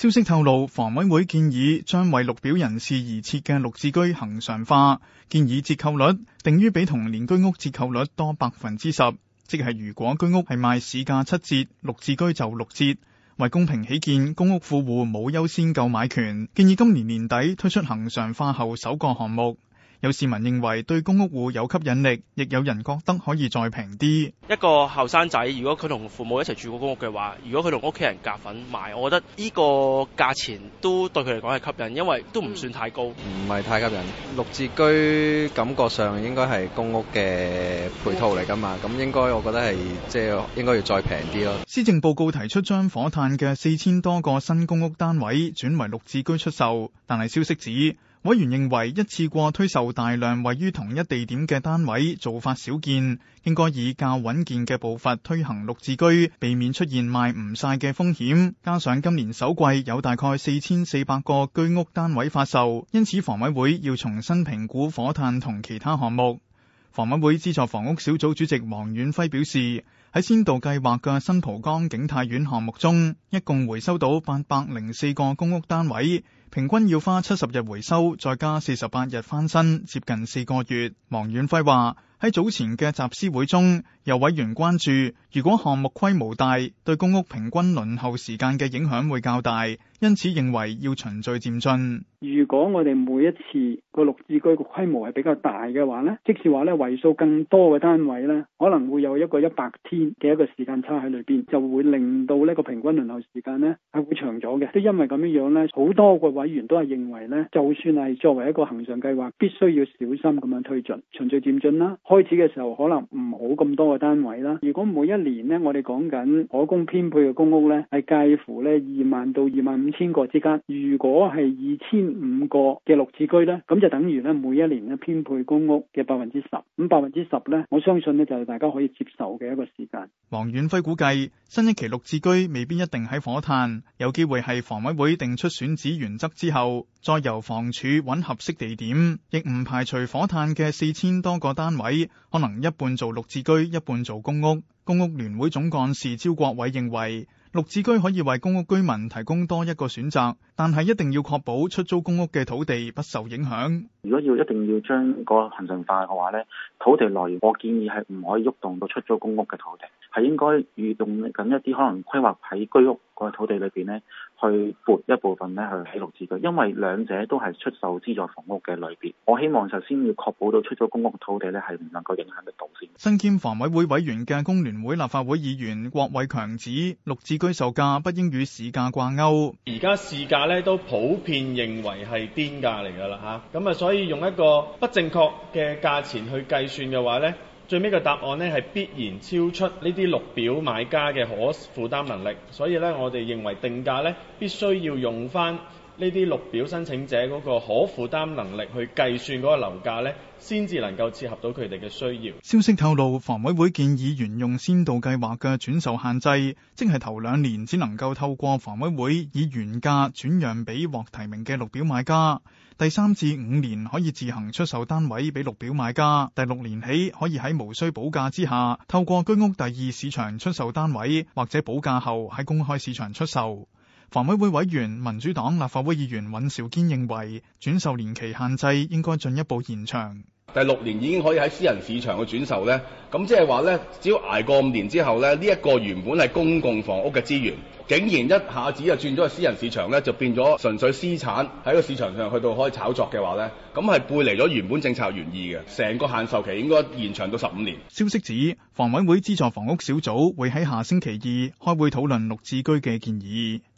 消息透露，房委會建議將為綠表人士而設嘅綠置居恆常化，建議折扣率定於比同年居屋折扣率多百分之十，即係如果居屋係賣市價七折，綠置居就六折。為公平起見，公屋富戶冇優先購買權，建議今年年底推出恆常化後首個項目。有市民認為對公屋戶有吸引力，亦有人覺得可以再平啲。一個後生仔，如果佢同父母一齊住過公屋嘅話，如果佢同屋企人夾份買，我覺得呢個價錢都對佢嚟講係吸引，因為都唔算太高。唔係太吸引，綠置居感覺上應該係公屋嘅配套嚟㗎嘛，咁應該我覺得係即係應該要再平啲囉。施政報告提出將火炭嘅四千多個新公屋單位轉為綠置居出售，但係消息指，委員認為一次過推售大量位於同一地點嘅單位做法少見，應該以較穩健嘅步伐推行綠置居，避免出現賣唔晒嘅風險。加上今年首季有大概四千四百個居屋單位發售，因此房委會要重新評估火炭同其他項目。房委會資助房屋小組主席黃遠輝表示，喺先導計劃嘅新蒲崗景泰苑項目中，一共回收到八百零四個公屋單位。平均要花七十日回收，再加四十八日翻新，接近四個月。黃遠輝話：喺早前嘅集思會中，有委員關注，如果項目規模大，對公屋平均輪候時間嘅影響會較大，因此認為要循序漸進。如果我哋每一次個綠置居嘅規模係比較大嘅話呢，即使話呢為數更多嘅單位呢，可能會有一個一百天嘅一個時間差喺裏邊，就會令到呢個平均輪候時間呢係會長咗嘅。即因為咁樣樣呢，好多個。委員都係認為咧，就算係作為一個恆常計劃，必須要小心咁樣推進，循序漸進啦。開始嘅時候可能唔。冇咁多嘅單位啦。如果每一年呢，我哋講緊可供編配嘅公屋呢，係介乎呢，二萬到二萬五千個之間。如果係二千五個嘅綠置居呢，咁就等於呢，每一年嘅編配公屋嘅百分之十。咁百分之十呢，我相信呢，就係大家可以接受嘅一個時間。黃遠輝估計，新一期綠置居未必一定喺火炭，有機會係房委會定出選址原則之後，再由房署揾合適地點，亦唔排除火炭嘅四千多個單位可能一半做綠。置居一半做公屋，公屋聯會總幹事招國偉認為，綠置居可以為公屋居民提供多一個選擇，但係一定要確保出租公屋嘅土地不受影響。如果要一定要將個恆常化嘅話呢，土地來源我建議係唔可以喐動到出租公屋嘅土地。係應該預動緊一啲可能規劃喺居屋個土地裏邊呢，去撥一部分呢，去起綠置居，因為兩者都係出售資助房屋嘅類別。我希望首先要確保到出租公屋土地呢，係唔能夠影響得到先。身兼房委會委員嘅工聯會立法會議員郭偉強指，綠置居售價不應與市價掛鈎。而家市價呢，都普遍認為係癲價嚟㗎啦吓，咁啊所以用一個不正確嘅價錢去計算嘅話呢。最尾嘅答案咧，係必然超出呢啲綠表買家嘅可負擔能力，所以咧我哋認為定價咧必須要用翻。呢啲綠表申請者嗰個可負擔能力去計算嗰個樓價咧，先至能夠切合到佢哋嘅需要。消息透露，房委會建議沿用先導計劃嘅轉售限制，即係頭兩年只能夠透過房委會以原價轉讓俾獲提名嘅綠表買家，第三至五年可以自行出售單位俾綠表買家，第六年起可以喺無需補價之下，透過居屋第二市場出售單位，或者補價後喺公開市場出售。房委會委員、民主黨立法會議員尹兆堅認為，轉售年期限制應該進一步延長。第六年已經可以喺私人市場去轉售咧，咁即係話咧，只要挨過五年之後咧，呢、這、一個原本係公共房屋嘅資源，竟然一下子就轉咗去私人市場咧，就變咗純粹私產喺個市場上去到可以炒作嘅話咧，咁係背離咗原本政策原意嘅。成個限售期應該延長到十五年。消息指，房委會資助房屋小組會喺下星期二開會討論綠置居嘅建議。